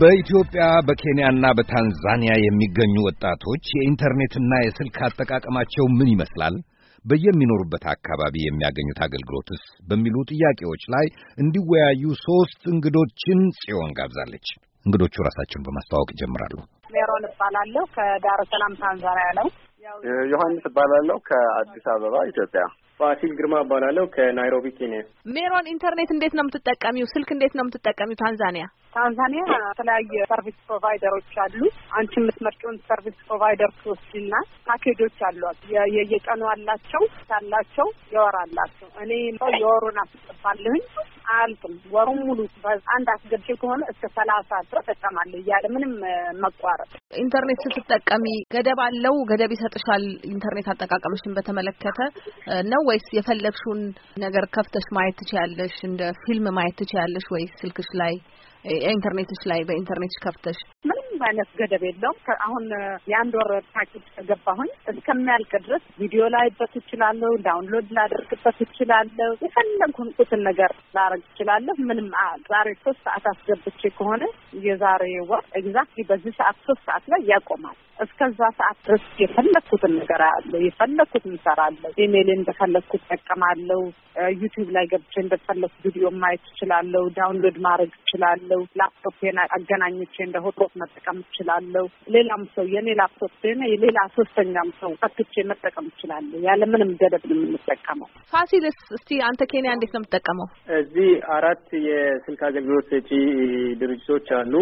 በኢትዮጵያ በኬንያና በታንዛኒያ የሚገኙ ወጣቶች የኢንተርኔትና የስልክ አጠቃቀማቸው ምን ይመስላል፣ በየሚኖሩበት አካባቢ የሚያገኙት አገልግሎትስ በሚሉ ጥያቄዎች ላይ እንዲወያዩ ሶስት እንግዶችን ጽዮን ጋብዛለች። እንግዶቹ ራሳቸውን በማስተዋወቅ ይጀምራሉ። ሜሮን እባላለሁ ከዳር ሰላም ታንዛኒያ ነው። ዮሐንስ እባላለሁ ከአዲስ አበባ ኢትዮጵያ። ፋሲል ግርማ እባላለሁ ከናይሮቢ ኬንያ። ሜሮን ኢንተርኔት እንዴት ነው የምትጠቀሚው? ስልክ እንዴት ነው የምትጠቀሚው ታንዛኒያ? ታንዛኒያ የተለያየ ሰርቪስ ፕሮቫይደሮች አሉ። አንቺ የምትመርጭውን ሰርቪስ ፕሮቫይደር ትወስድና ፓኬጆች አሏት። የየቀኑ አላቸው አላቸው፣ የወር አላቸው። እኔ ሰው የወሩን አስጠባለሁኝ አያልቅም። ወሩን ሙሉ በአንድ አስገድሽ ከሆነ እስከ ሰላሳ ድረስ እጠቀማለሁ እያለ ምንም መቋረጥ። ኢንተርኔት ስትጠቀሚ ገደብ አለው? ገደብ ይሰጥሻል? ኢንተርኔት አጠቃቀምሽን በተመለከተ ነው ወይስ የፈለግሽውን ነገር ከፍተሽ ማየት ትችያለሽ? እንደ ፊልም ማየት ትችያለሽ ወይስ ስልክሽ ላይ? ኢንተርኔትሽ ላይ በኢንተርኔትሽ ከፍተሽ ምንም አይነት ገደብ የለውም። አሁን የአንድ ወር ፓኬጅ ከገባሁኝ እስከሚያልቅ ድረስ ቪዲዮ ላይበት እችላለሁ፣ ዳውንሎድ ላደርግበት እችላለሁ፣ የፈለግኩን ቁትን ነገር ላረግ እችላለሁ። ምንም ዛሬ ሶስት ሰዓት አስገብቼ ከሆነ የዛሬ ወር ኤግዛክትሊ በዚህ ሰዓት ሶስት ሰዓት ላይ ያቆማል። እስከዛ ሰዓት ድረስ የፈለግኩትን ነገር አያለሁ፣ የፈለግኩትን አለ ኢሜይል እንደፈለግኩ እጠቀማለሁ፣ ዩቲዩብ ላይ ገብቼ እንደፈለግኩ ቪዲዮ ማየት እችላለሁ፣ ዳውንሎድ ማድረግ እችላለሁ፣ ላፕቶፕን አገናኝቼ እንደ ሆቶት መጠቀም እችላለሁ፣ ሌላም ሰው የኔ ላፕቶፕ የሌላ ሶስተኛም ሰው ፈትቼ መጠቀም እችላለሁ። ያለምንም ገደብ ነው የምንጠቀመው። ፋሲልስ፣ እስቲ አንተ ኬንያ እንዴት ነው የምትጠቀመው? እዚህ አራት የስልክ አገልግሎት ሰጪ ድርጅቶች አሉ።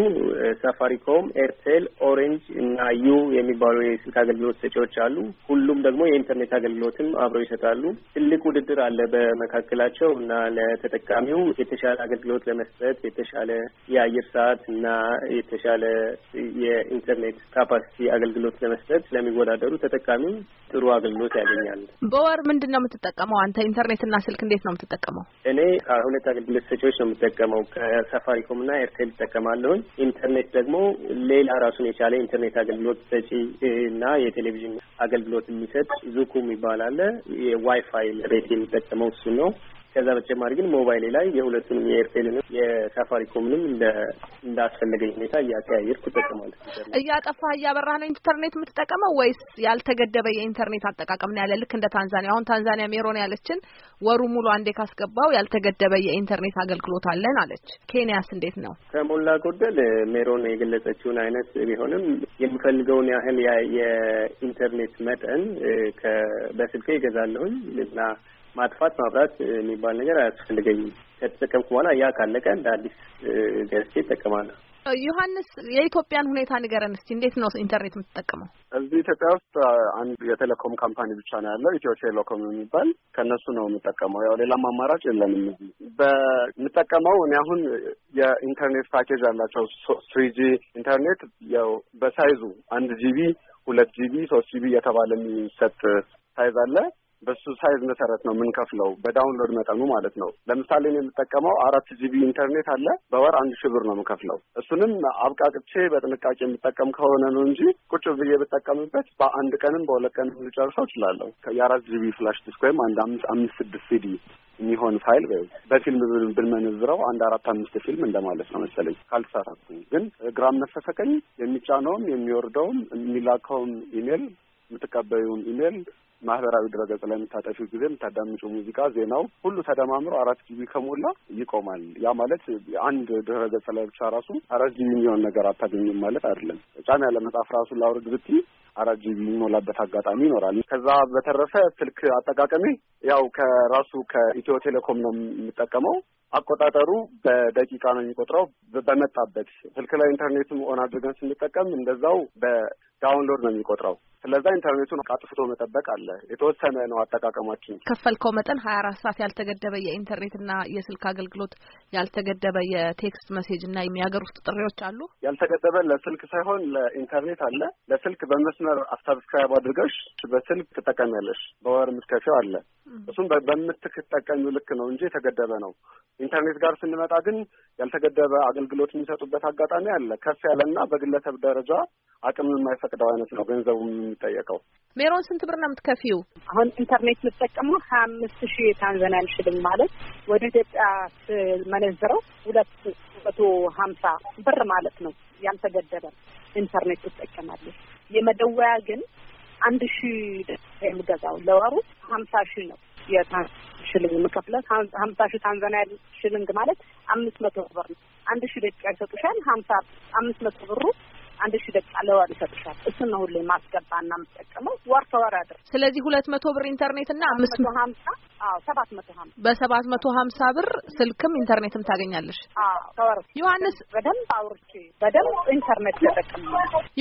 ሳፋሪኮም፣ ኤርቴል፣ ኦሬንጅ እና ዩ የሚባሉ የስልክ አገልግሎት ሰጪዎች አሉ። ሁሉም ደግሞ የኢንተርኔት አገልግሎትም አብረው ይሰጣሉ። ትልቅ ውድድር አለ በመካከላቸው እና ለተጠቃሚው የተሻለ አገልግሎት ለመስጠት የተሻለ የአየር ሰዓት እና የተሻለ የኢንተርኔት ካፓሲቲ አገልግሎት ለመስጠት ስለሚወዳደሩ ተጠቃሚው ጥሩ አገልግሎት ያገኛል። በወር ምንድን ነው የምትጠቀመው አንተ? ኢንተርኔትና ስልክ እንዴት ነው የምትጠቀመው? እኔ ከሁለት አገልግሎት ሰጪዎች ነው የምጠቀመው ከሳፋሪኮም እና ኤርቴል ይጠቀማለሁኝ። ኢንተርኔት ደግሞ ሌላ ራሱን የቻለ ኢንተርኔት አገልግሎት ሰጪ እና የቴሌቪዥን አገልግሎት የሚሰጥ ዙኩም ይባላል። የዋይፋይ ሬት የሚጠቀመው እሱ ነው። ከዛ በተጨማሪ ግን ሞባይሌ ላይ የሁለቱንም የኤርቴልንም የሳፋሪኮምንም እንደ እንዳስፈለገኝ ሁኔታ እያቀያየርኩ እጠቀማለሁ። እያጠፋ እያበራህ ነው ኢንተርኔት የምትጠቀመው ወይስ ያልተገደበ የኢንተርኔት አጠቃቀም ነው ያለ? ልክ እንደ ታንዛኒያ። አሁን ታንዛኒያ ሜሮን ያለችን ወሩ ሙሉ አንዴ ካስገባው ያልተገደበ የኢንተርኔት አገልግሎት አለን አለች። ኬንያስ እንዴት ነው? ከሞላ ጎደል ሜሮን የገለጸችውን አይነት ቢሆንም የምፈልገውን ያህል የኢንተርኔት መጠን በስልኬ ይገዛለሁኝ እና ማጥፋት ማብራት የሚባል ነገር አያስፈልገኝም። ከተጠቀምኩ በኋላ ያ ካለቀ እንደ አዲስ ገዝቼ እጠቀማለሁ። ዮሐንስ፣ የኢትዮጵያን ሁኔታ ንገረን እስቲ። እንዴት ነው ኢንተርኔት የምትጠቀመው? እዚህ ኢትዮጵያ ውስጥ አንድ የቴሌኮም ካምፓኒ ብቻ ነው ያለው፣ ኢትዮ ቴሌኮም የሚባል ከእነሱ ነው የምጠቀመው። ያው ሌላም አማራጭ የለንም። በምጠቀመው እኔ አሁን የኢንተርኔት ፓኬጅ ያላቸው ስሪ ጂ ኢንተርኔት ያው በሳይዙ አንድ ጂቢ፣ ሁለት ጂቢ፣ ሶስት ጂቢ እየተባለ የሚሰጥ ሳይዝ አለ በሱ ሳይዝ መሰረት ነው የምንከፍለው፣ በዳውንሎድ መጠኑ ማለት ነው። ለምሳሌ ነው የምጠቀመው አራት ጂቢ ኢንተርኔት አለ። በወር አንድ ሺህ ብር ነው የምከፍለው። እሱንም አብቃቅቼ በጥንቃቄ የምጠቀም ከሆነ ነው እንጂ ቁጭ ብዬ ብጠቀምበት በአንድ ቀንም በሁለት ቀንም ልጨርሰው እችላለሁ። የአራት ጂቢ ፍላሽ ዲስክ ወይም አንድ አምስት አምስት ስድስት ሲዲ የሚሆን ፋይል በፊልም ብንመነዝረው አንድ አራት አምስት ፊልም እንደማለት ነው መሰለኝ ካልተሳሳትኩኝ። ግን ግራም መሰሰቀኝ የሚጫነውም የሚወርደውም የሚላከውም ኢሜል የምትቀበዩም ኢሜል ማህበራዊ ድረገጽ ላይ የምታጠፊው ጊዜ የምታዳምጪው ሙዚቃ፣ ዜናው ሁሉ ተደማምሮ አራት ጊቢ ከሞላ ይቆማል። ያ ማለት አንድ ድረገጽ ላይ ብቻ ራሱ አራት ጊቢ የሚሆን ነገር አታገኝም ማለት አይደለም። ጫና ያለ መጽሐፍ ራሱ ላውርድ ብቲ አራት ጂቢ የሚሞላበት አጋጣሚ ይኖራል። ከዛ በተረፈ ስልክ አጠቃቀሜ ያው ከራሱ ከኢትዮ ቴሌኮም ነው የምጠቀመው። አቆጣጠሩ በደቂቃ ነው የሚቆጥረው። በመጣበት ስልክ ላይ ኢንተርኔትም ኦን አድርገን ስንጠቀም እንደዛው በዳውንሎድ ነው የሚቆጥረው። ስለዛ ኢንተርኔቱን አጥፍቶ መጠበቅ አለ። የተወሰነ ነው አጠቃቀማችን። ከፈልከው መጠን ሀያ አራት ሰዓት ያልተገደበ የኢንተርኔትና የስልክ አገልግሎት ያልተገደበ የቴክስት መሴጅ እና የሚያገር ውስጥ ጥሪዎች አሉ። ያልተገደበ ለስልክ ሳይሆን ለኢንተርኔት አለ። ለስልክ በመስመር አብሳብስክራይብ አድርገሽ በስልክ ትጠቀሚያለሽ። በወር የምትከፊው አለ። እሱም በምትጠቀሚው ልክ ነው እንጂ የተገደበ ነው። ኢንተርኔት ጋር ስንመጣ ግን ያልተገደበ አገልግሎት የሚሰጡበት አጋጣሚ አለ። ከፍ ያለና በግለሰብ ደረጃ አቅም የማይፈቅደው አይነት ነው ገንዘቡም የሚጠየቀው። ሜሮን ስንት ብር ነው የምትከፊው? አሁን ኢንተርኔት የምጠቀመው ሀያ አምስት ሺህ የታንዛኒያን ሽልንግ ማለት ወደ ኢትዮጵያ ስመነዝረው ሁለት መቶ ሀምሳ ብር ማለት ነው። ያልተገደበ ኢንተርኔት ትጠቀማለች። የመደወያ ግን አንድ ሺህ የምገዛው ለወሩ ሀምሳ ሺህ ነው ሽልንግ የምከፍለት። ሀምሳ ሺህ ታንዛኒያ ሽልንግ ማለት አምስት መቶ ብር ነው። አንድ ሺህ ደቂቃ ይሰጡሻል። ሀምሳ አምስት መቶ ብሩ አንድ ሺ ደቂቃ ለወር ይሰጥሻል። እሱን ነው ሁሌ ማስገባ ማስገባና የምጠቀመው ወር ተወር አድር። ስለዚህ ሁለት መቶ ብር ኢንተርኔት እና አምስት መቶ ሀምሳ አዎ ሰባት መቶ ሀምሳ በሰባት መቶ ሀምሳ ብር ስልክም ኢንተርኔትም ታገኛለሽ። አዎ ተወር ዮሐንስ በደንብ አውርቼ በደንብ ኢንተርኔት ተጠቅም።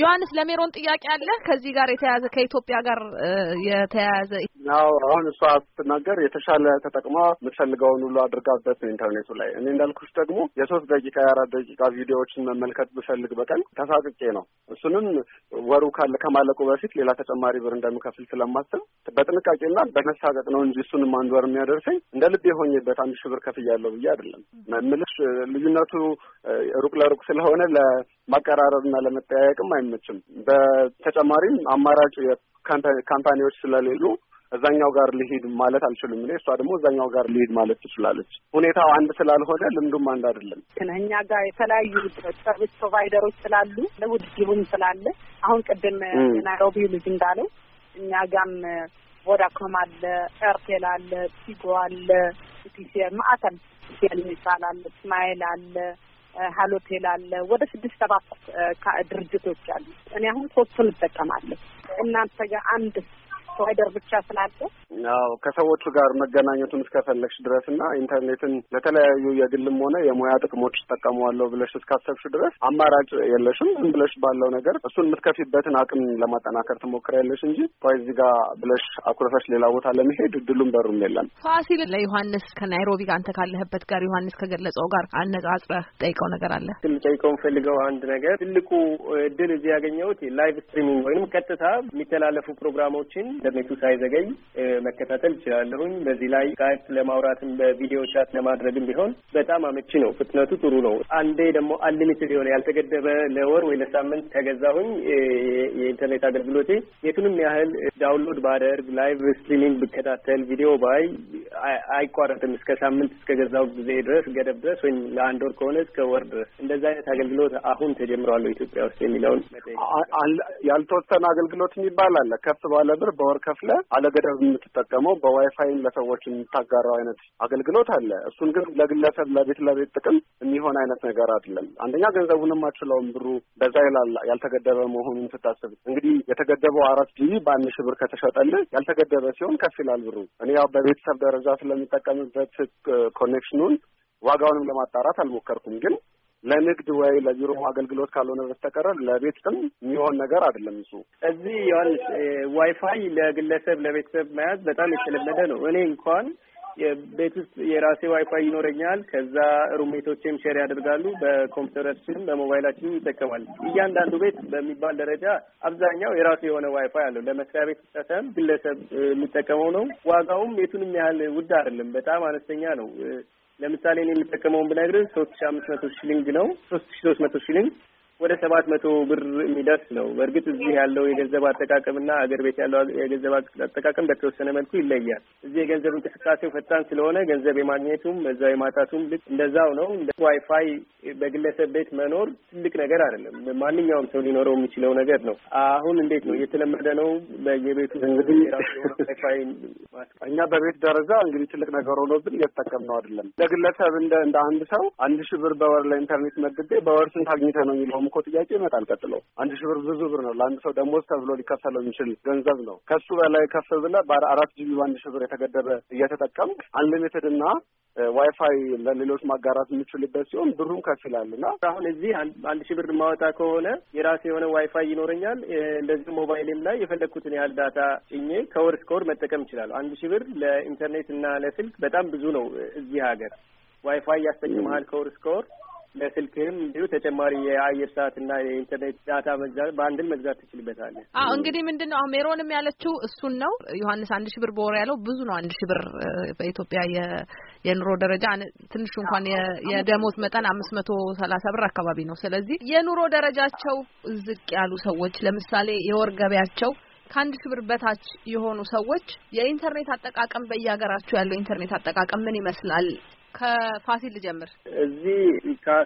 ዮሐንስ ለሜሮን ጥያቄ አለ ከዚህ ጋር የተያያዘ ከኢትዮጵያ ጋር የተያያዘ ያው አሁን እሷ ስትናገር የተሻለ ተጠቅማ የምትፈልገውን ሁሉ አድርጋበት ኢንተርኔቱ ላይ እኔ እንዳልኩሽ ደግሞ የሶስት ደቂቃ የአራት ደቂቃ ቪዲዮዎችን መመልከት ብፈልግ በቀን ተሳቅቄ ነው። እሱንም ወሩ ካለ ከማለቁ በፊት ሌላ ተጨማሪ ብር እንደምከፍል ስለማስብ በጥንቃቄና በመሳቀጥ ነው እንጂ እሱንም አንድ ወር የሚያደርሰኝ እንደ ልብ የሆኝበት አንድ ሺህ ብር ከፍያለሁ ብዬ አይደለም ምልሽ። ልዩነቱ ሩቅ ለሩቅ ስለሆነ ለማቀራረብና ለመጠያየቅም አይመችም። በተጨማሪም አማራጭ ካምፓኒዎች ስለሌሉ እዛኛው ጋር ልሂድ ማለት አልችልም እኔ፣ እሷ ደግሞ እዛኛው ጋር ልሂድ ማለት ትችላለች። ሁኔታው አንድ ስላልሆነ ልምዱም አንድ አይደለም። እኛ ጋር የተለያዩ ሰርቪስ ፕሮቫይደሮች ስላሉ ለውድድቡም ስላለ አሁን ቅድም ናይሮቢ ልጅ እንዳለው እኛ ጋም ቮዳኮም አለ፣ ኤርቴል አለ፣ ቲጎ አለ፣ ኢቲሲኤል ማዕተም ሲል ሚባል አለ፣ ስማይል አለ ሀሎቴል አለ ወደ ስድስት ሰባት ድርጅቶች አሉ። እኔ አሁን ሶስቱን እጠቀማለሁ። እናንተ ጋር አንድ ፕሮቫይደር ብቻ ስላለ ያው ከሰዎቹ ጋር መገናኘቱን እስከፈለግሽ ድረስ እና ኢንተርኔትን ለተለያዩ የግልም ሆነ የሙያ ጥቅሞች ይጠቀመዋለሁ ብለሽ እስካሰብሽ ድረስ አማራጭ የለሽም። ዝም ብለሽ ባለው ነገር እሱን የምትከፊበትን አቅም ለማጠናከር ትሞክሪያለሽ እንጂ ቆይ ጋር ብለሽ አኩረፈሽ ሌላ ቦታ ለመሄድ እድሉም በሩም የለም። ፋሲል ለዮሐንስ ከናይሮቢ አንተ ካለህበት ጋር ዮሐንስ ከገለጸው ጋር አነጻጽረህ ጠይቀው ነገር አለ ልጠይቀው የምፈልገው አንድ ነገር ትልቁ እድል እዚህ ያገኘሁት ላይቭ ስትሪሚንግ ወይም ቀጥታ የሚተላለፉ ፕሮግራሞችን ኢንተርኔቱ ሳይዘገይ መከታተል ይችላለሁኝ። በዚህ ላይ ስካይፕ ለማውራትም በቪዲዮ ቻት ለማድረግም ቢሆን በጣም አመቺ ነው። ፍጥነቱ ጥሩ ነው። አንዴ ደግሞ አንሊሚትድ የሆነ ያልተገደበ ለወር ወይ ለሳምንት ከገዛሁኝ የኢንተርኔት አገልግሎቴ የቱንም ያህል ዳውንሎድ ባደርግ፣ ላይቭ ስትሪሚንግ ብከታተል፣ ቪዲዮ ባይ አይቋረጥም እስከ ሳምንት እስከ ገዛው ጊዜ ድረስ ገደብ ድረስ ወይም ለአንድ ወር ከሆነ እስከ ወር ድረስ እንደዚ አይነት አገልግሎት አሁን ተጀምሯል ኢትዮጵያ ውስጥ የሚለውን ያልተወሰነ አገልግሎት የሚባል አለ ከፍ ባለ ብር በወ ወር ከፍለ አለገደብ የምትጠቀመው በዋይፋይም ለሰዎች የምታጋራው አይነት አገልግሎት አለ። እሱን ግን ለግለሰብ ለቤት ለቤት ጥቅም የሚሆን አይነት ነገር አይደለም። አንደኛ ገንዘቡንም አችለውም ብሩ በዛ ይላል። ያልተገደበ መሆኑን ስታስብ እንግዲህ የተገደበው አራት ጂቢ በአንድ ሺህ ብር ከተሸጠልህ ያልተገደበ ሲሆን ከፍ ይላል ብሩ። እኔ ያው በቤተሰብ ደረጃ ስለምጠቀምበት ኮኔክሽኑን ዋጋውንም ለማጣራት አልሞከርኩም ግን ለንግድ ወይ ለቢሮ አገልግሎት ካልሆነ በስተቀረ ለቤት የሚሆን ነገር አይደለም። እሱ እዚህ ያን ዋይፋይ ለግለሰብ ለቤተሰብ መያዝ በጣም የተለመደ ነው። እኔ እንኳን ቤት ውስጥ የራሴ ዋይፋይ ይኖረኛል። ከዛ ሩሜቶቼም ሼር ያደርጋሉ። በኮምፒውተራችንም በሞባይላችንም ይጠቀማል። እያንዳንዱ ቤት በሚባል ደረጃ አብዛኛው የራሱ የሆነ ዋይፋይ አለው። ለመስሪያ ቤት ሳይሆን ግለሰብ የሚጠቀመው ነው። ዋጋውም የቱንም ያህል ውድ አይደለም፣ በጣም አነስተኛ ነው። ለምሳሌ እኔ የምጠቀመውን ብነግርህ ሶስት ሺ አምስት መቶ ሺሊንግ ነው ሶስት ሺ ሶስት መቶ ሺሊንግ ወደ ሰባት መቶ ብር የሚደርስ ነው። በእርግጥ እዚህ ያለው የገንዘብ አጠቃቀምና አገር ቤት ያለው የገንዘብ አጠቃቀም በተወሰነ መልኩ ይለያል። እዚህ የገንዘብ እንቅስቃሴው ፈጣን ስለሆነ ገንዘብ የማግኘቱም እዛ የማጣቱም ልክ እንደዛው ነው። ዋይፋይ በግለሰብ ቤት መኖር ትልቅ ነገር አይደለም። ማንኛውም ሰው ሊኖረው የሚችለው ነገር ነው። አሁን እንዴት ነው እየተለመደ ነው። በየቤቱ ዋይፋይ እኛ በቤት ደረጃ እንግዲህ ትልቅ ነገር ሆኖብን ነው አይደለም። ለግለሰብ እንደ አንድ ሰው አንድ ሺህ ብር በወር ለኢንተርኔት መድቤ በወር ስንት አግኝተ ነው የሚለው የመቃወም እኮ ጥያቄ ይመጣል። ቀጥሎ አንድ ሺህ ብር ብዙ ብር ነው። ለአንድ ሰው ደሞዝ ተብሎ ሊከፈለው የሚችል ገንዘብ ነው። ከሱ በላይ ከፍ ብለህ በአራት ጂቢ በአንድ ሺህ ብር የተገደበ እየተጠቀምክ አንሊሚትድ እና ዋይፋይ ለሌሎች ማጋራት የምችልበት ሲሆን ብሩም ከፍ ይላል እና አሁን እዚህ አንድ ሺህ ብር ማወጣ ከሆነ የራሴ የሆነ ዋይፋይ ይኖረኛል። እንደዚህ ሞባይልም ላይ የፈለግኩትን ያህል ዳታ ጭኜ ከወር እስከ ወር መጠቀም ይችላሉ። አንድ ሺህ ብር ለኢንተርኔት እና ለስልክ በጣም ብዙ ነው። እዚህ ሀገር ዋይፋይ ያስጠቅመሃል ከወር እስከ ወር ለስልክህም እንዲሁ ተጨማሪ የአየር ሰዓት እና የኢንተርኔት ዳታ መግዛት በአንድን መግዛት ትችልበታለህ። አዎ እንግዲህ ምንድን ነው ሜሮንም ያለችው እሱን ነው። ዮሐንስ አንድ ሺህ ብር በወር ያለው ብዙ ነው። አንድ ሺህ ብር በኢትዮጵያ የኑሮ ደረጃ ትንሹ እንኳን የደሞዝ መጠን አምስት መቶ ሰላሳ ብር አካባቢ ነው። ስለዚህ የኑሮ ደረጃቸው ዝቅ ያሉ ሰዎች ለምሳሌ የወር ገበያቸው ከአንድ ሺህ ብር በታች የሆኑ ሰዎች የኢንተርኔት አጠቃቀም በየሀገራቸው ያለው ኢንተርኔት አጠቃቀም ምን ይመስላል ከፋሲል ልጀምር። እዚህ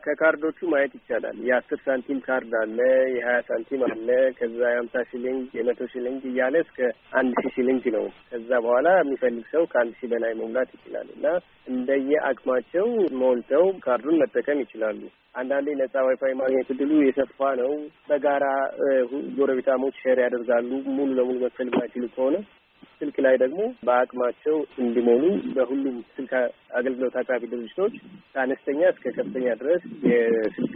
ከካርዶቹ ማየት ይቻላል። የአስር ሳንቲም ካርድ አለ፣ የሀያ ሳንቲም አለ፣ ከዛ የሀምሳ ሺሊንግ የመቶ ሺሊንግ እያለ እስከ አንድ ሺ ሺሊንግ ነው። ከዛ በኋላ የሚፈልግ ሰው ከአንድ ሺ በላይ መሙላት ይችላል እና እንደየ አቅማቸው ሞልተው ካርዱን መጠቀም ይችላሉ። አንዳንዴ ነጻ ዋይፋይ ማግኘት እድሉ የሰፋ ነው። በጋራ ጎረቤታሞች ሼር ያደርጋሉ። ሙሉ ለሙሉ መክፈል የማይችሉ ከሆነ ስልክ ላይ ደግሞ በአቅማቸው እንዲሞሉ በሁሉም ስልክ አገልግሎት አቅራቢ ድርጅቶች ከአነስተኛ እስከ ከፍተኛ ድረስ የስልክ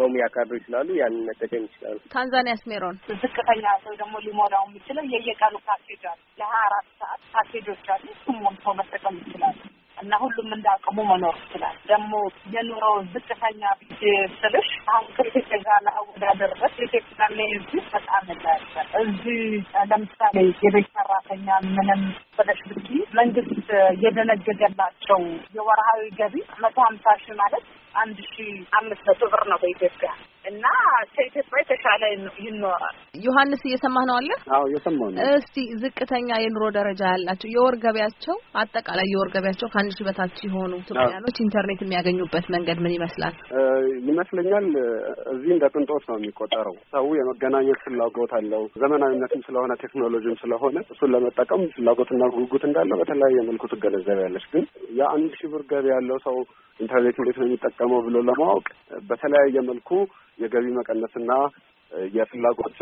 መሙያ ካርዶች ስላሉ ያንን መጠቀም ይችላሉ። ታንዛኒያ ስሜሮን ዝቅተኛ ሰው ደግሞ ሊሞላው የሚችለው የየቀኑ ፓኬጅ አሉ። ለሀያ አራት ሰዓት ፓኬጆች አሉ። እሱም ሞልቶ መጠቀም ይችላሉ። እና ሁሉም እንዳቅሙ መኖር ይችላል። ደግሞ የኑሮ ዝቅተኛ ብዬ ስልሽ አሁን ከኢትዮጵያ ጋር ላወዳደርበት ኢትዮጵያ ላይ እዚህ በጣም ይለያያል። እዚህ ለምሳሌ የቤት ሰራተኛ ምንም ብለሽ ብጊ መንግስት የደነገገላቸው የወርሃዊ ገቢ መቶ ሀምሳ ሺህ ማለት አንድ ሺ አምስት መቶ ብር ነው በኢትዮጵያ እና ከኢትዮጵያ የተሻለ ይኖራል። ዮሐንስ እየሰማህ ነው አለ? አዎ እየሰማሁ ነው። እስቲ ዝቅተኛ የኑሮ ደረጃ ያላቸው የወር ገቢያቸው አጠቃላይ የወር ገቢያቸው ከአንድ ሺህ በታች የሆኑ ኢትዮጵያኖች ኢንተርኔት የሚያገኙበት መንገድ ምን ይመስላል? ይመስለኛል እዚህ እንደ ቅንጦት ነው የሚቆጠረው። ሰው የመገናኘት ፍላጎት አለው። ዘመናዊነትም ስለሆነ ቴክኖሎጂም ስለሆነ እሱን ለመጠቀም ፍላጎትና ጉጉት እንዳለው በተለያየ መልኩ ትገነዘቢያለች። ግን የአንድ ሺህ ብር ገቢ ያለው ሰው ኢንተርኔት እንዴት ነው የሚጠቀመው ብሎ ለማወቅ በተለያየ መልኩ የገቢ መቀነስና የፍላጎት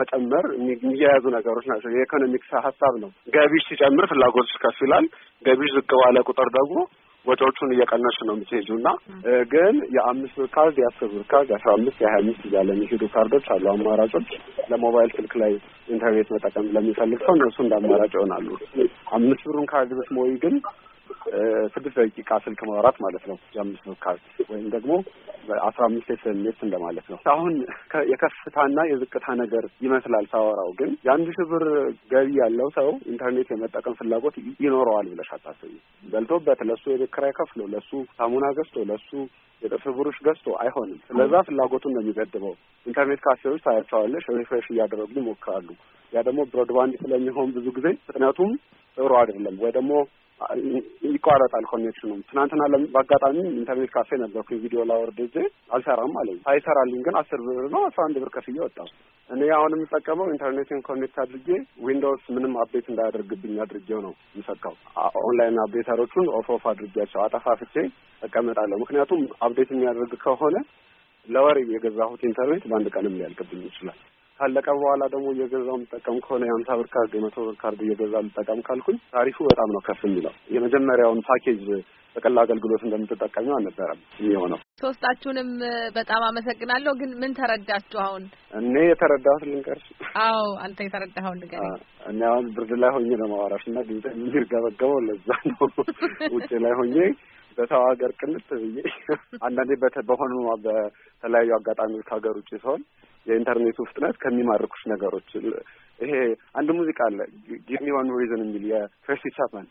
መጨመር የሚያያዙ ነገሮች ናቸው። የኢኮኖሚክስ ሀሳብ ነው። ገቢሽ ሲጨምር ፍላጎት ከፍ ይላል። ገቢሽ ዝቅ ባለ ቁጥር ደግሞ ወጪዎቹን እየቀነሱ ነው የምትሄጁ እና ግን የአምስት ብር ካርድ የአስር ብር ካርድ የአስራ አምስት የሀያ አምስት እያለ የሚሄዱ ካርዶች አሉ። አማራጮች ለሞባይል ስልክ ላይ ኢንተርኔት መጠቀም ለሚፈልግ ሰው እነሱ እንደ አማራጭ ይሆናሉ። አምስት ብሩን ካርድ ብትሞይ ግን ስድስት ደቂቃ ስልክ ማውራት ማለት ነው። የአምስት ነው ካርድ ወይም ደግሞ አስራ አምስት ኤስኤምኤስ እንደማለት ነው። አሁን የከፍታና የዝቅታ ነገር ይመስላል ሳወራው፣ ግን የአንድ ሺህ ብር ገቢ ያለው ሰው ኢንተርኔት የመጠቀም ፍላጎት ይኖረዋል ብለሽ አታስቢ። በልቶበት ለሱ የቤት ኪራይ ከፍሎ ለሱ ሳሙና ገዝቶ ለሱ የጥርስ ብሩሽ ገዝቶ አይሆንም። ስለዛ ፍላጎቱን ነው የሚገድበው። ኢንተርኔት ካፌዎች ታያቸዋለሽ፣ ሪፍሬሽ እያደረጉ ይሞክራሉ። ያ ደግሞ ብሮድባንድ ስለሚሆን ብዙ ጊዜ ፍጥነቱም ጥሩ አይደለም ወይ ደግሞ ይቋረጣል ኮኔክሽኑ። ትናንትና በአጋጣሚ ኢንተርኔት ካፌ ነበርኩኝ ቪዲዮ ላወርድ እጄ አልሰራም አለኝ። አይሰራልኝ ግን አስር ብር ነው አስራ አንድ ብር ከፍዬ ወጣሁ። እኔ አሁን የምጠቀመው ኢንተርኔትን ኮኔክት አድርጌ ዊንዶውስ ምንም አፕዴት እንዳያደርግብኝ አድርጌው ነው የምሰካው። ኦንላይን አፕዴተሮቹን ኦፍ ኦፍ አድርጌያቸው አጠፋፍቼ እቀመጣለሁ። ምክንያቱም አፕዴት የሚያደርግ ከሆነ ለወር የገዛሁት ኢንተርኔት በአንድ ቀንም ሊያልቅብኝ ይችላል። ካለቀ በኋላ ደግሞ እየገዛው የምጠቀም ከሆነ የአምሳ ብር ካርድ የመቶ ብር ካርድ እየገዛ የምጠቀም ካልኩኝ ታሪፉ በጣም ነው ከፍ የሚለው። የመጀመሪያውን ፓኬጅ ጥቅል አገልግሎት እንደምትጠቀሚ አልነበረም የሚሆነው። ሶስታችሁንም በጣም አመሰግናለሁ። ግን ምን ተረዳችሁ? አሁን እኔ የተረዳሁት ልንገርሽ። አዎ አንተ የተረዳኸውን ንገረኝ። እኔ አሁን ብርድ ላይ ሆኜ ነው ማዋራሽ እና ጊዜ የሚርገበገበው ለዛ ነው ውጭ ላይ ሆኜ በሰው ሀገር ቅንጥ ብዬ አንዳንዴ በሆኑ በተለያዩ አጋጣሚዎች ሀገር ውጭ ሲሆን የኢንተርኔቱ ፍጥነት ከሚማርኩሽ ነገሮች ይሄ አንድ ሙዚቃ አለ ጊቭ ሚ ዋን ሪዝን የሚል የፈርሲ ቻፕማን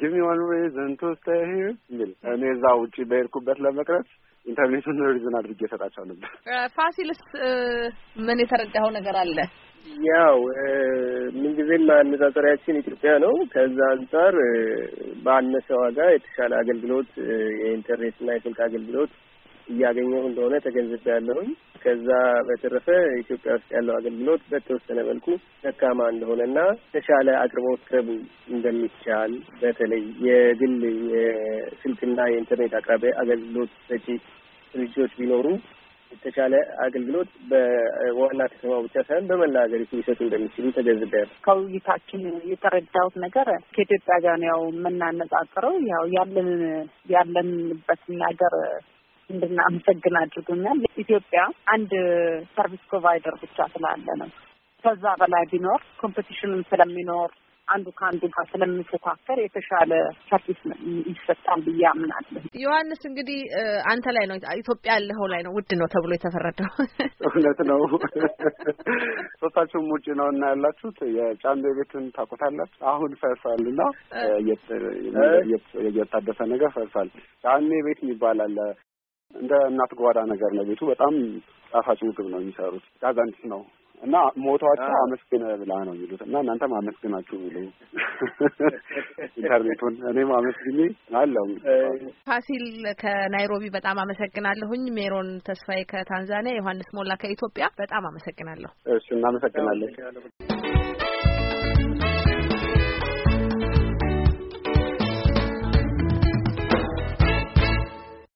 ጊቭ ሚ ዋን ሪዝን ቱ ስቴይ ሂር የሚል እኔ እዛ ውጭ በሄድኩበት ለመቅረት ኢንተርኔቱን ሪዝን አድርጌ እሰጣቸው ነበር። ፋሲልስ ምን የተረዳኸው ነገር አለ? ያው ምንጊዜም ማነጻጸሪያችን ኢትዮጵያ ነው። ከዛ አንጻር ባነሰ ዋጋ የተሻለ አገልግሎት የኢንተርኔትና የስልክ አገልግሎት እያገኘሁ እንደሆነ ተገንዝቤያለሁኝ። ከዛ በተረፈ ኢትዮጵያ ውስጥ ያለው አገልግሎት በተወሰነ መልኩ ደካማ እንደሆነና ተሻለ አቅርቦት ቅረብ እንደሚቻል በተለይ የግል የስልክና የኢንተርኔት አቅራቢ አገልግሎት ሰጪ ድርጅቶች ቢኖሩ የተሻለ አገልግሎት በዋና ከተማ ብቻ ሳይሆን በመላ ሀገሪቱ ሊሰጡ እንደሚችሉ ተገንዝበያል። ከውይይታችን የተረዳሁት ነገር ከኢትዮጵያ ጋር ያው የምናነጻጽረው ያው ያለን ያለንበትን ሀገር እንድናመሰግን አድርጎኛል። ኢትዮጵያ አንድ ሰርቪስ ፕሮቫይደር ብቻ ስላለ ነው። ከዛ በላይ ቢኖር ኮምፒቲሽንም ስለሚኖር አንዱ ከአንዱ ጋር ስለሚፎካከር የተሻለ ሰርቪስ ይሰጣል ብዬ አምናለሁ። ዮሐንስ እንግዲህ አንተ ላይ ነው ኢትዮጵያ ያለኸው ላይ ነው ውድ ነው ተብሎ የተፈረደው። እውነት ነው። ሶስታችሁም ውጭ ነው እና ያላችሁት የጫንቤ ቤትን ታውቁታላችሁ። አሁን ፈርሳል እና እየታደሰ ነገር ፈርሳል። ጫኔ ቤት ይባላል። እንደ እናት ጓዳ ነገር ነው ቤቱ። በጣም ጣፋጭ ምግብ ነው የሚሰሩት። ጋዛንቲስ ነው እና ሞቷቸው አመስግን ብላ ነው የሚሉት እና እናንተም አመስግናችሁ ብሉ ኢንተርኔቱን እኔም አመስግኝ አለው። ፋሲል ከናይሮቢ በጣም አመሰግናለሁኝ። ሜሮን ተስፋዬ ከታንዛኒያ፣ ዮሐንስ ሞላ ከኢትዮጵያ በጣም አመሰግናለሁ። እሺ እናመሰግናለን።